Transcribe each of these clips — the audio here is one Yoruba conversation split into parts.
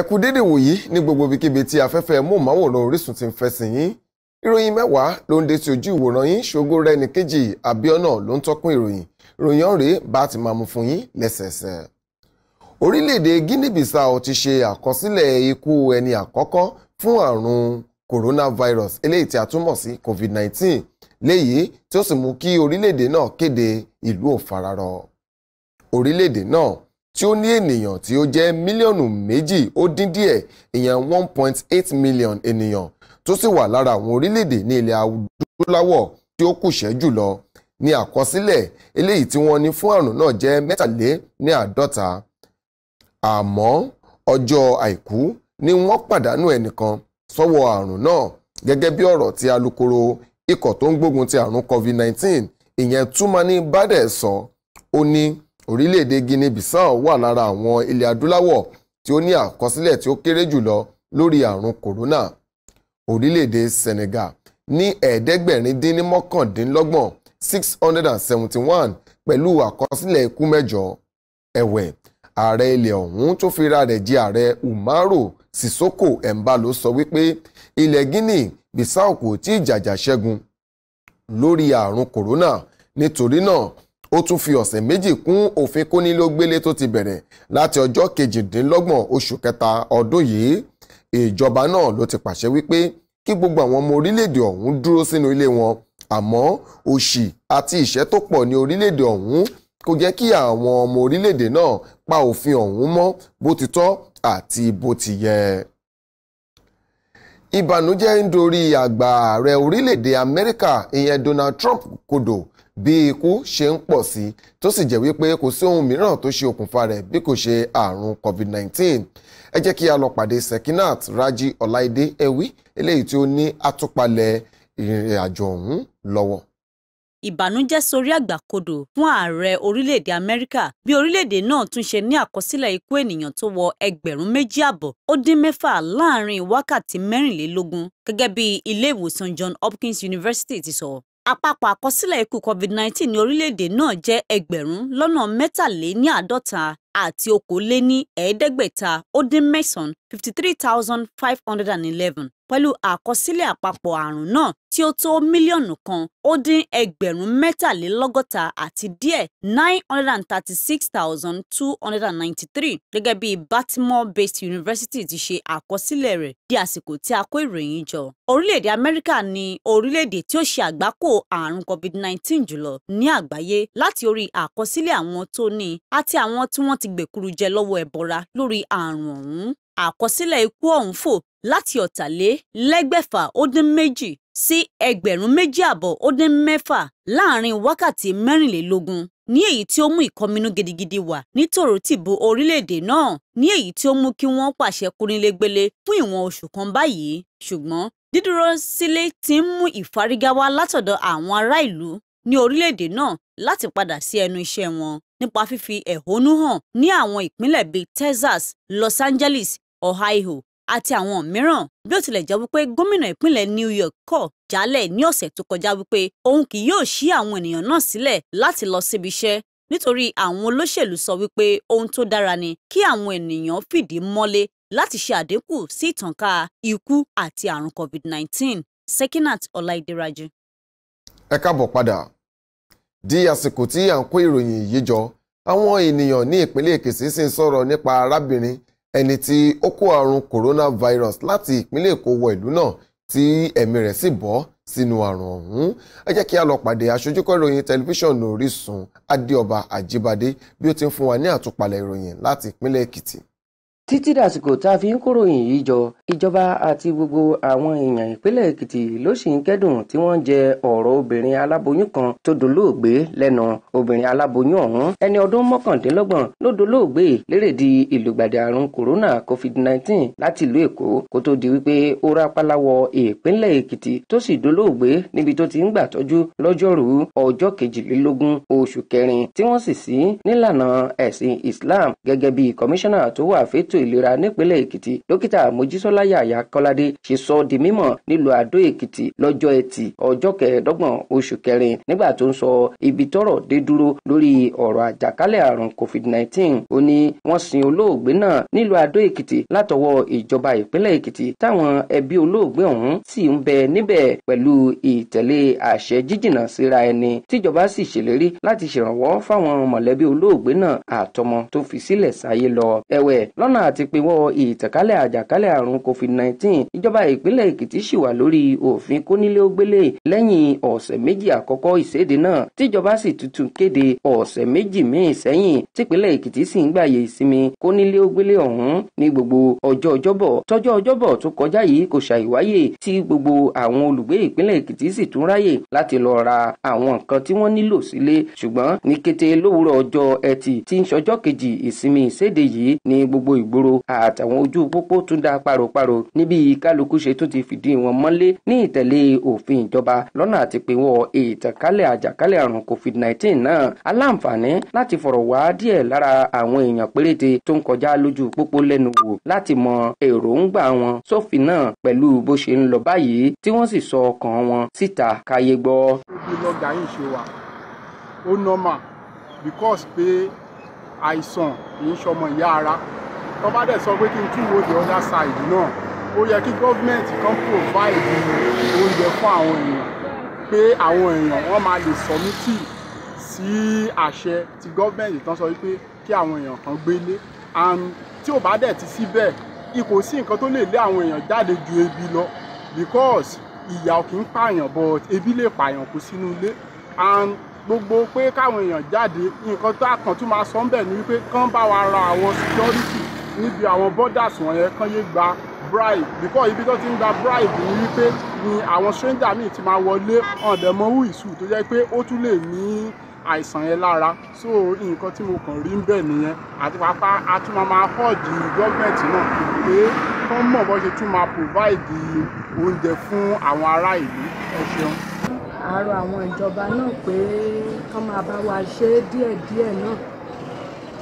ẹ kú dédé wòyí ní gbogbo ibikíbi tí afẹ́fẹ́ móhùnmáwòrán Orísun ti ń fẹ́ sí yín ìròyìn mẹ́wàá ló ń dé tí ojú ìwòran yín ṣògo rẹni kejì Àbíọ́nà ló ń tọ́kùn ìròyìn ìròyìn ọ̀rẹ́ bá ti máa mú fún yín lẹ́sẹẹsẹ. orílẹ̀-èdè Guinea-Bissau ti ṣe àkọsílẹ̀ ikú ẹni àkọ́kọ́ fún àrùn coronavirus eléyìí tí a tún mọ̀ sí COVID-19 léyìí tí ó sì mú kí orílẹ̀-èdè náà kéde ìlú òfararọ orílẹ̀-èdè náà tí ó ní ènìyàn tí ó jẹ́ mílíọ̀nù méjì ó dín díẹ̀ ìyẹn one point eight million ènìyàn tó sì wà lára àwọn orílẹ̀-èdè ní ilẹ̀ adúláwọ̀ tí ó kùṣẹ́ jùlọ ní àkọsílẹ̀ eléyìí tí wọ́n ní fún àrùn náà jẹ́ mẹ́tàlé ní àádọ́ta àmọ́ ọjọ́ àìkú ni wọ́n pàdánù ẹnìkan sọ́wọ́ àrùn náà gẹ́gẹ́ bí ọ̀rọ̀ tí alukoro ikọ̀ tó ń gbógun ti àrùn COVID-19 ìyẹn Túmání Bádẹ̀ sọ ó ní orílẹ̀-èdè Guinea-Bissau wà lára àwọn ilẹ̀ adúláwọ̀ tí ó ní àkọsílẹ̀ tí ó kéré jùlọ lórí àrùn corona orílẹ̀-èdè Senegal ní ẹ̀ẹ́dẹ́gbẹ̀rin dín ní mọ́kàndínlọ́gbọ̀n six hundred and seventy one pẹ̀lú àkọsílẹ̀ ikú mẹ́jọ ẹ̀wẹ̀ ààrẹ ilẹ̀ ọ̀hún tó fira rẹ̀ jẹ ààrẹ Umaru Sisoko Embalo sọ wípé ilẹ̀ Guinea Bissau kò tí ì jàjà ṣẹ́gun lórí àrùn corona nítorí náà ó tún fi ọ̀sẹ̀ méjì kún òfin kónílógbélé tó ti bẹ̀rẹ̀ láti ọjọ́ kejìdínlọ́gbọ̀n oṣù kẹta ọdún yìí ìjọba náà ló ti pàṣẹ wípé kí gbogbo àwọn ọmọ orílẹ̀-èdè ọ̀hún dúró sínú ilé wọn àmọ́ òṣì àti ìṣẹ́ tó pọ̀ ní orílẹ̀-èdè ọ̀hún kò jẹ́ kí àwọn ọmọ orílẹ̀-èdè náà pa òfin ọ̀hún mọ́ bó ti tọ́ àti bó ti yẹ. ìbànújẹ́ ń dorí àgbà ààrẹ orílẹ̀-èdè Amẹ́ríkà ìyẹn Donald Trump kodò bí ikú ṣe ń pọ̀ sí tó sì jẹ́ wípé kò sí ohun mìíràn tó ṣe okùnfà rẹ̀ bí kò ṣe àrùn covid-19 ẹ jẹ́ kí a lọ pàdé Sekinat Raji Ọláìdé Ẹ̀wí eléyìí tí ó ní àtúpalẹ̀ ìrìn àjò ọ̀hún lọ́wọ́ ìbànújẹ́ sórí àgbàkodò fún ààrẹ orílẹ̀-èdè amẹ́ríkà bí orílẹ̀-èdè náà tún ṣe ní àkọsílẹ̀ ikú ènìyàn tó wọ ẹgbẹ̀rún méjì àbọ̀ ó dín mẹ́fà láàrin wákàtí mẹ́rìnlélógún gẹ́gẹ́ bí ilé ìwòsàn John Hopkins University ti sọ àpapọ̀ àkọsílẹ̀ ikú COVID-19 ní orílẹ̀-èdè náà jẹ́ ẹgbẹ̀rún lọ́nà mẹ́tàléníàádọ́ta àti okòó lé ó dín mẹ́sàn-án fifty three thousand five hundred and eleven pẹ̀lú àkọsílẹ̀ àpapọ̀ àrùn náà tí ó tó mílíọ̀nù kan ó dín ẹgbẹ̀rún mẹ́tàlélọ́gọ́ta àti díẹ̀ nine hundred and thirty six thousand two hundred and ninety three gẹ́gẹ́ bí Baltimore-based University ti ṣe àkọsílẹ̀ rẹ̀ di àsìkò tí a kó ìròyìn jọ. Orílẹ̀-èdè Amẹ́ríkà ni orílẹ̀-èdè tí ó ṣe àgbákò àrùn COVID nineteen jùlọ ní àgbáyé láti orí àkọsílẹ̀ àwọn tó ní àti àwọn tí wọ́n ti gbèkúrú jẹ lọ́wọ́ ẹ̀bọra lórí àrùn ọ̀hún. Àkọsílẹ̀ ikú ọ̀hún fò láti ọ̀tàlélẹ́gbẹ̀fà ó dín méjì sí ẹgbẹ̀rún méjì àbọ̀ ó dín mẹ́fà láàrin wákàtí mẹ́rìnlélógún ní èyí tí ó mú ìkọminú gidigidi wà nítòrò tìbò orílẹ̀-èdè náà ní èyí tí ó mú kí wọ́n pàṣẹ kúrinlégbélé fún ìwọ̀n oṣù kan báyìí ṣùgbọ́n dídúró sílé ti ń mú ìfárígá látọ̀dọ̀ àwọn ará ìlú ní orílẹ̀-èdè náà láti padà sí ẹnu iṣẹ́ wọn nípa fífi ẹ̀hónú hàn ní àwọn ìpínlẹ̀ bíi Texas, Los Angeles, Ohio àti àwọn mìíràn bí ó tilẹ̀ jẹ́ wípé gómìnà ìpínlẹ̀ New York kọ̀ jálẹ̀ ní ọ̀sẹ̀ tó kọjá wípé òun kì yóò ṣí àwọn ènìyàn náà sílẹ̀ láti lọ síbi iṣẹ́ nítorí àwọn olóṣèlú sọ wípé ohun tó dára ni kí àwọn ènìyàn fìdí mọ́lé láti ṣe àdínkù sí ìtànká ikú àti àrùn COVID-19 Sekinat Ọláìdíraji. ẹ káàbọ̀ padà di àsìkò tí à ń kó ìròyìn yìí jọ àwọn ènìyàn ní ìpínlẹ̀ èkìtì sì ń sọ̀rọ̀ nípa arábìnrin ẹni tí ó kó àrùn coronavirus láti ìpínlẹ̀ èkó wọ ìlú náà tí ẹ̀mí rẹ̀ sì bọ́ sínú àrùn ọ̀hún ẹ jẹ́ kí a lọ pàdé aṣojúkọ́ ìròyìn tẹlifíṣàn Orísun Adéọba Àjíbádé bí ó ti ń fún wa ní àtúpalẹ̀ ìròyìn láti ìpínlẹ̀ èkìtì títí dàsìkò tá a fi ń kóròyìn yìí jọ ìjọba àti gbogbo àwọn èèyàn ìpínlẹ̀ èkìtì ló sì ń kẹ́dùn tí wọ́n jẹ ọ̀rọ̀ obìnrin aláboyún kan tó dolóògbé lẹ́nu obìnrin aláboyún ọ̀hún ẹni ọdún mọ́kàndínlọ́gbọ̀n ló dolóògbé lérèdí ìlùgbàdì àrùn corona covid-19 láti ìlú èkó kó tó di wípé ó rápálá wọ ìpínlẹ̀ èkìtì tó sì dolóògbé níbi tó ti ń gbà tọ́jú lọ́jọ́rùú islam gẹ́gẹ́ bí kọmíṣánná tó ìlera nípínlẹ̀ èkìtì dókítà mojísọ́lá yàyà kọ́ládé ṣe sọ di mímọ̀ nílùú àdó èkìtì lọ́jọ́ ẹtì ọjọ́ kẹẹ̀ẹ́dọ́gbọ̀n oṣù kẹrin nígbà tó ń sọ ibi tọ́rọ̀ dé dúró lórí ọ̀rọ̀ àjàkálẹ̀ àrùn covid-19 ó ní wọ́n sin olóògbé náà nílùú àdó èkìtì látọwọ́ ìjọba ìpínlẹ̀ èkìtì táwọn ẹbí olóògbé ọ̀hún sì ń bẹ níbẹ̀ pẹ̀lú ìtẹ̀lé àṣẹ jíjìnà síra ẹni tíjọba sì ṣèlérí láti ṣèrànwọ́ fáwọn mọ̀lẹ́bí olóògbé náà àtọmọ tó fi sílẹ̀ sáyé lọ ẹ̀wẹ̀ lọ́nà àti pinwọ́ ìtànkálẹ̀ àjàkálẹ̀ àrùn covid-19 ìjọba ìpínlẹ̀ èkìtì ṣì wà lórí òfin kónílé-ó-gbélé lẹ́yìn ọ̀sẹ̀ méjì àkọ́kọ́ ìséde náà tíjọba sì tuntun kéde ọ̀sẹ̀ méjì míì sẹ́yìn típínlẹ̀ èkìtì sì ń gbàyè ìsinmi kónílé-ó-gbélé ọ̀hún ní gbogbo ọjọ́ ọjọ́bọ̀ tọjọ́ ọjọ́bọ̀ tó kọjá yìí kò ṣàìwáyè tí gbogbo àwọn olùgbé ìpínlẹ̀ èkìtì sì tún ráyè láti lọ ra àwọn nǹkan tí wọ́n nílò sílé ṣùgbọ́n ní kété lówùúrọ̀ ọjọ́ ẹtì tí ń ṣọjọ́ kejì ìsinmi ìséde yìí ní gbogbo ìb ìgboro àtàwọn ojú pópó tún dá páropáro níbi kálukú ṣe tún ti fìdí wọn mọ́lé ní ìtẹ̀lé òfin ìjọba lọ́nà àti pé wọ́n ìtànkálẹ̀ àjàkálẹ̀ àrùn covid-19 náà aláǹfààní láti fọ̀rọ̀ wá díẹ̀ lára àwọn èèyàn péréte tó ń kọjá lójú pópó lẹ́nu wò láti mọ èròǹgbà wọn sófin náà pẹ̀lú bó ṣe ń lọ báyìí tí wọ́n sì sọ ọkàn wọn síta káyé gbọ́. ó normal because pé àìsàn kì í ṣọmọ ìyá ara tó bá so we pé to go the other side náà ó yẹ kí government can provide oúnjẹ fún àwọn èèyàn pé àwọn èèyàn wọ́n máa lè sọ̀mítì sí àṣẹ ti gọ́ọ̀mẹ̀ntì tán sọ wípé kí àwọn èèyàn kan gbélé and tí ò bá dẹ̀ ti síbẹ̀ ipò see nǹkan tó lè lé àwọn èèyàn jáde ju ebi lọ because ìyà ò kì í pààyàn but ebi lè pààyàn kú sínú ilé and gbogbo pé káwọn èèyàn jáde nǹkan tó àkàntún máa sọ ń bẹ̀ ni wípé kán bá wa ra àwọn security níbi àwọn borders wọ̀nyẹn kán yé gba bride? because ibi tó ti ń gba bribe ni wípé ni àwọn stranger míì ti máa wọlé ọ̀dẹ̀mọ́ wù ìṣù tó jẹ́ pé ó tún lè ní àìsàn yẹn lára so nǹkan tí mo kàn rí ń bẹ̀ nìyẹn àti pàápàá a tún máa máa họ́ọ̀dì gọ́ọ̀mẹ̀ntì náà pé kán mọ̀ bó ṣe tún máa provide oúnjẹ fún àwọn ará ìlú ẹ ṣeun àárọ̀ àwọn ìjọba náà pé kán máa bá wa ṣe díẹ̀díẹ̀ náà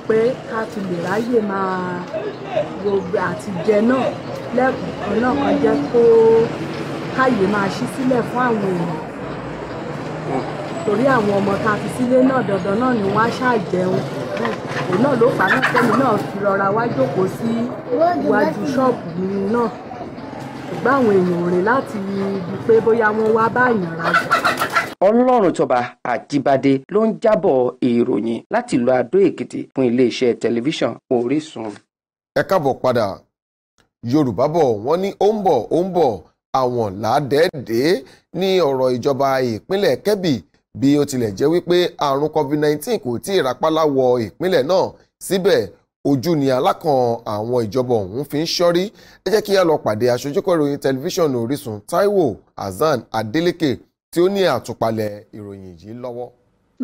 pé ká fi lè ráyè máa gbogbo àtijẹ náà lẹ́kùnkàn náà kan jẹ́ kó káyè máa ṣí sílẹ̀ fún àwọn èèyàn torí àwọn ọmọ tá a fi sílé náà dandan náà ni wọ́n á ṣàjẹun òun náà ló fà á sẹ́mi náà fi rọra wá jókòó sí iwájú ṣọ́ọ̀bù mi náà ṣùgbọ́n àwọn èèyàn ò rè láti ibi pé bóyá wọ́n wá báyàn rajà ọlọ́run tọba àjíbádé ló ń jábọ̀ ìròyìn láti ìlú Adó Èkìtì fún iléeṣẹ́ tẹlifíṣàn Orísun. ẹ káàbọ̀ padà Yorùbá bọ̀ wọ́n ní ó ń bọ̀ ó ń bọ̀ àwọn làádẹ́ẹ̀dẹ́ ní ọ̀rọ̀ ìjọba ìpínlẹ̀ Kẹ́bì bí ó tilẹ̀ jẹ́ wípé àrùn COVID-19 kò tí ì rápálá wọ ìpínlẹ̀ náà síbẹ̀ ojú ni alákan àwọn ìjọba ọ̀hún fi ń ṣọ́rí ẹ jẹ́ kí a lọ pàdé aṣojúkọ̀ ìròyìn tẹlifíṣàn Orísun Táíwò Hasan Adeleke tí ó ní àtúpalẹ̀ ìròyìn yìí lọ́wọ́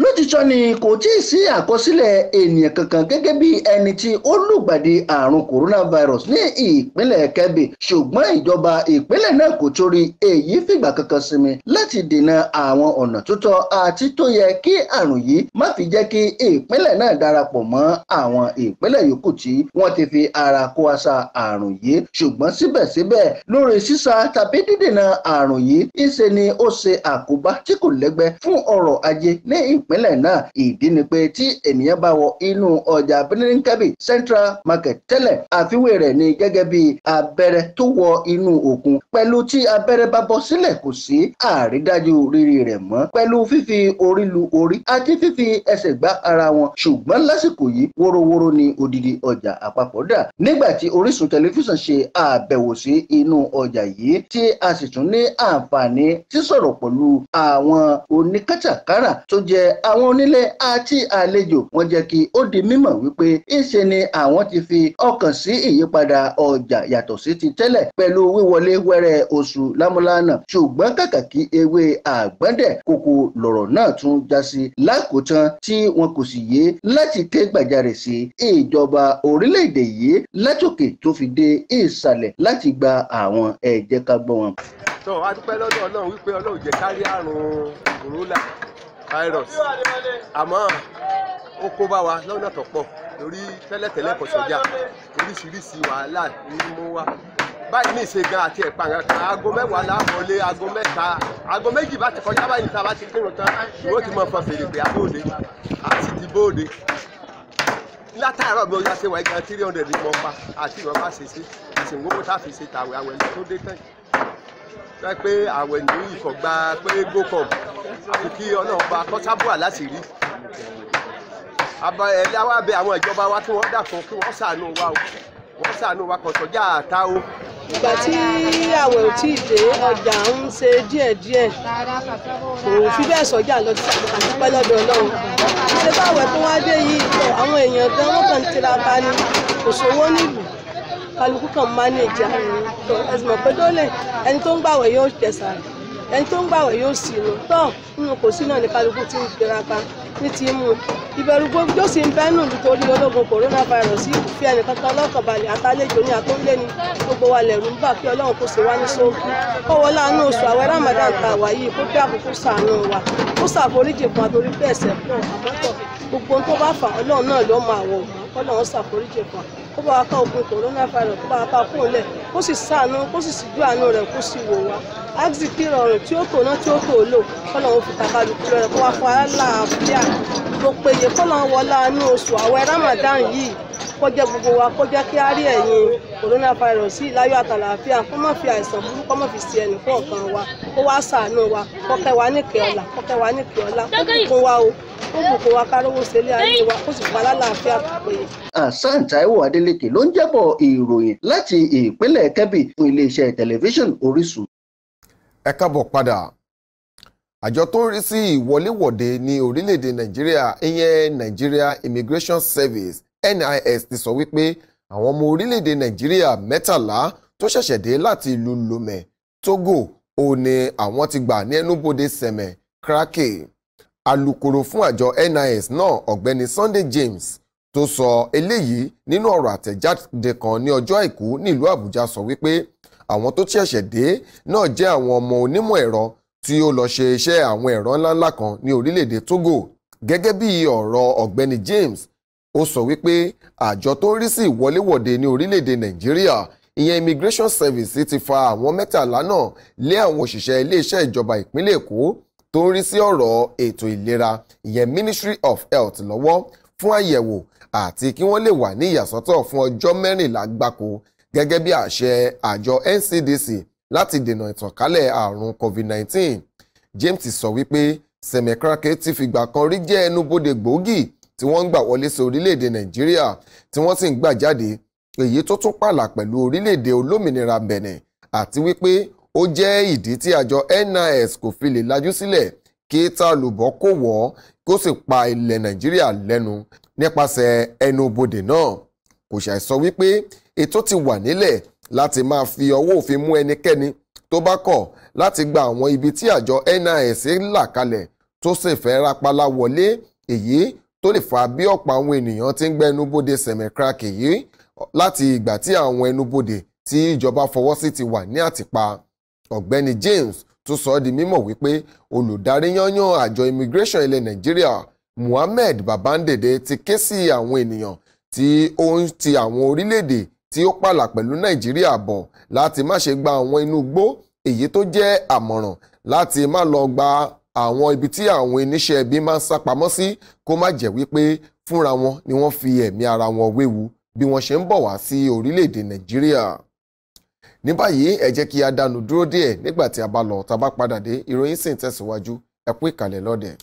lótìtọ́ ni kò tí ì sí àkọsílẹ̀ ènìyàn kankan gẹ́gẹ́ bí ẹni tí ó lùgbàdì àrùn coronavirus ní ìpínlẹ̀ Kebbi ṣùgbọ́n ìjọba ìpínlẹ̀ náà kò torí èyí fìgbà kankan sinmi láti dènà àwọn ọ̀nà tó tọ́ àti tó yẹ kí àrùn yìí má fi jẹ́ kí ìpínlẹ̀ náà darapọ̀ mọ́ àwọn ìpínlẹ̀ yòókù tí wọ́n ti fi ara kó àṣà àrùn yìí ṣùgbọ́n síbẹ̀síbẹ̀ lórí sísá tàbí dídènà àrùn yìí ìṣe ìpínlẹ̀ náà ìdí ni pé tí ènìyàn bá wọ inú ọjà Birnin-Kebbi Central Market tẹ́lẹ̀ àfiwé rẹ̀ ni gẹ́gẹ́ bí abẹ́rẹ́ tó wọ inú òkun pẹ̀lú tí abẹ́rẹ́ bá bọ́ sílẹ̀ kò sí àrídájú rírì rẹ̀ mọ́ pẹ̀lú fífi orí lu orí àti fífi ẹsẹ̀ gbá ara wọn ṣùgbọ́n lásìkò yìí wórówóró ni odidi ọjà àpapọ̀ dà nígbà tí Orísun tẹlifíṣàn ṣe àbẹ̀wò sí inú ọjà yìí tí a sì tún ní àǹfààní sísọ̀rọ̀ pẹ̀lú àwọn oníkátàkárà tó jẹ́ àwọn onílé àti àlejò wọ́n jẹ́ kí ó di mímọ̀ wípé ìṣe ni àwọn ti fi ọkàn sí ìyípadà ọjà yàtọ̀ sí ti tẹ́lẹ̀ pẹ̀lú wíwọlé wẹ́rẹ́ oṣù lámúlánà ṣùgbọ́n kàkà kí ewé àgbọ́ndẹ̀ kòkò lọ̀rọ̀ náà tún já sí lákòótán tí wọn kò sì yé láti ké gbàjarè sí ìjọba orílẹ̀-èdè yìí látòkè tó fi dé ìsàlẹ̀ láti gba àwọn ẹ̀jẹ̀ ká gbọ́ wọn. tó a dúpẹ́ lọ́dọ̀ ọlọ́run wípé ọlọ́run jẹ́ kárí àrùn kòrólà virus àmọ́ ó kó bá wa lọ́nà tó pọ̀ lórí tẹ́lẹ̀tẹ́lẹ̀ kò sọ́jà oríṣiríṣi wàhálà ní mú wa báyìí ní ìṣègùn àti ẹ̀pà kankan aago mẹ́wàá láàbọ̀lé aago mẹ́ta aago méjì bá ti kọjá báyìí níta bá ti kírun tán ìwé ti mọ fọ fèrè pé abóde àti ti bóde látàárọ̀ bí oya ṣe wà igan three hundred ni mo pa àti ìwọ̀n bá ṣe ṣe ìṣègùn owó tá ṣe tàwé àwẹ̀ tó dé tán pé àwẹ̀ ní ìfọ̀gbà pé go kí ọlọ́run bá kọ́sábùà láti rí ẹ̀lẹ́ wa bẹ àwọn ìjọba wa kí wọ́n dàkún kí wọ́n ṣàánú wa o wọ́n ṣàánú wa kò sọ́jà àta o. ìgbà tí àwẹ̀ ò tí ì dé ọjà ń ṣe díẹ̀díẹ̀ kò fi bẹ́ẹ̀ sọ́jà lọ sí àdúpẹ́ lọ́dọ̀ ọlọ́run ṣé báwẹ̀ tó wá dé yìí àwọn èèyàn gan wọ́n kàn ń tiraka ni kò sówó nílùú kálukú kan máa ní ìjà ẹ̀sìn mọ̀ tó lè ẹni tó ń gbàwẹ̀ yóò tẹ̀sán ẹni tó ń gbàwẹ̀ yóò sì nù tọ́ nínú kò sí náà ní kálukú tí ń tiraka ní ti mú ìbẹ̀rù gbogbo sì ń bẹ́ nù nítorí ológun coronavirus yìí fi ẹnìkankan lọ́kàn balẹ̀ àtàlejò ní àtúnlé ni gbogbo wa lẹ̀rù ń bà kí ọlọ́run kò sì wá ní sóòkì kọ́wọ́ láàánú oṣù àwẹ̀ ramadan ta wà yìí kó bí àkókò ṣàánú wa kó ṣàforíjì kan torí pé ẹ̀ṣẹ̀ pọ̀ àmọ́tọ̀ gbogbo tó bá fà ọlọ́run náà ló máa wọ̀ ọlọ́run ṣàforíjì kan kó bá wa ká ogun coronavirus kó bá wa ká kúnlẹ̀ kó sì ṣàánú kó sì síjú àánú rẹ̀ kó sì wò wá axikí rọrùn tí ó tò náà tí ó tò lò kọ́lọ́hún fi tàbálùkù rẹ̀ kó wá fún aláàfíà tó péye kọ́lọ́hún wọlé àánú oṣù àwẹ̀ Ramadan yìí kó jẹ́ gbogbo wa kó jẹ́ kí á rí ẹ̀yìn coronavirus yìí láyọ̀ àtàlàáfíà kó má fi àìsàn burúkú má fi sí ẹnì kọ̀ọ̀kan wa kó wá ṣàánú wa kọ́kẹ́ wa níkẹ́ ọ̀la kọ́kẹ́ wa níkẹ́ ọ̀la kó dùn fún wa o ó mú kó wa kárówó sílé ayé wa kó sì fún wa lálàáfíà tó péye. Hasan Taiwo Adeleke ló ń jẹ́bọ̀ ìròyìn láti ìpínlẹ̀ Kebbi fún iléeṣẹ́ tẹlifíṣàn Orísun. Ẹ káàbọ̀ padà àjọ tó ń rí sí ìwọléwọ̀de ní orílẹ̀-èdè Nàìjíríà ìyẹn Nigeria Immigration Service NIS ti sọ wípé àwọn ọmọ orílẹ̀-èdè Nàìjíríà mẹ́tàlá tó ṣẹ̀ṣẹ̀ dé láti ìlú Lomé Togo òun ni àwọn ti gbà ní ẹnubodè Sẹ̀mẹ̀ Krakè alūkkóró fún àjọ NIS náà ọ̀gbẹ́ni Sunday James tó sọ eléyìí nínú ọ̀rọ̀ àtẹ̀jáde kan ní ọjọ́ àìkú nílùú Àbújá sọ wípé àwọn tó ṣẹ̀ṣẹ̀ dé náà jẹ́ àwọn ọmọ onímọ̀ ẹ̀rọ tí ó lọ ṣe iṣẹ́ àwọn ẹ̀rọ ńláńlá kan ní orílẹ̀-èdè Togo gẹ́gẹ́ bí ọ̀rọ̀ ọ̀gbẹ́ni James ó sọ wípé àjọ tó ń rí sí ìwọléwọ̀de ní orílẹ̀-èdè Nàìjíríà ìyẹn Immigration Service ti fa àwọn mẹ́tàlá náà lé àwọn òṣìṣẹ́ iléeṣẹ́ ìjọba ìpínlẹ̀ Èkó tó ń rí sí ọ̀rọ̀ ètò ìlera ìyẹn Ministry of Health lọ́wọ́ fún àyẹ̀wò àti kí wọ́n lè wà ní ìyàsọ́tọ̀ fún ọjọ́ mẹ́rìnlá gbáko gẹ́gẹ́ bí àṣẹ àjọ NCDC láti dènà ìtànkálẹ̀ àrùn COVID-19 James sọ wípé Sẹ̀mẹ̀kàràkè ti fìgbà kan rí jẹ́ ẹnubodè gbòógì tí wọ́n ń gbà wọlé sí orílẹ̀-èdè Nàìjíríà tí wọ́n sì ń gbà jáde èyí tó tún pààlà pẹ̀lú orílẹ̀-èdè olómìnira Benin àti wípé ó jẹ́ ìdí tí àjọ NIS kò fi lè lajú sílẹ̀ kí tálùbọ̀ kò wọ̀ kó sì pa ilẹ̀ Nàìjíríà lẹ́nu nípasẹ̀ ẹnubodè náà kò ṣàìsọ wípé ètò ti wà nílẹ̀ láti máa fi ọwọ́ òfin mú ẹnikẹ́ni tó bá kọ̀ láti gba àwọn ibi tí àjọ NIS là kalẹ̀ tó sì fẹ́ rápálá wọlé èyí tó lè fa bí ọ̀pọ̀ àwọn ènìyàn ti ń gba ẹnubodè sẹ̀mẹ̀krakì yìí láti ìgbà tí àwọn ẹnubodè tí ìjọba fọwọ́ sí ti wà ní àtìpa ọ̀gbẹ́ni James tún sọ ọ́ di mímọ̀ wípé olùdarí yányán àjọ immigration ilẹ̀ Nàìjíríà Muhammed Babandede ti ké sí àwọn ènìyàn tí ó ń ti àwọn orílẹ̀-èdè tí ó pààlà pẹ̀lú Nàìjíríà bọ̀ láti má ṣe gba àwọn inú igbó èyí tó jẹ́ àmọ̀ràn láti má lọ gba àwọn ibi tí àwọn oníṣẹ́ ibi máa ń sá pamọ́ sí kó má jẹ́ wípé fúnra wọn ni wọ́n fi ẹ̀mí ara wọn wéwu bí wọ́n ṣe ń bọ̀ wá sí orílẹ̀-èdè Nàìjíríà ní báyìí ẹ jẹ́ kí a dánu dúró díẹ̀ nígbà tí a bá lọ tá a bá padà dé ìròyìn sì ń tẹ̀síwájú ẹ kú ìkàlẹ̀ lọ́dẹ̀ẹ́.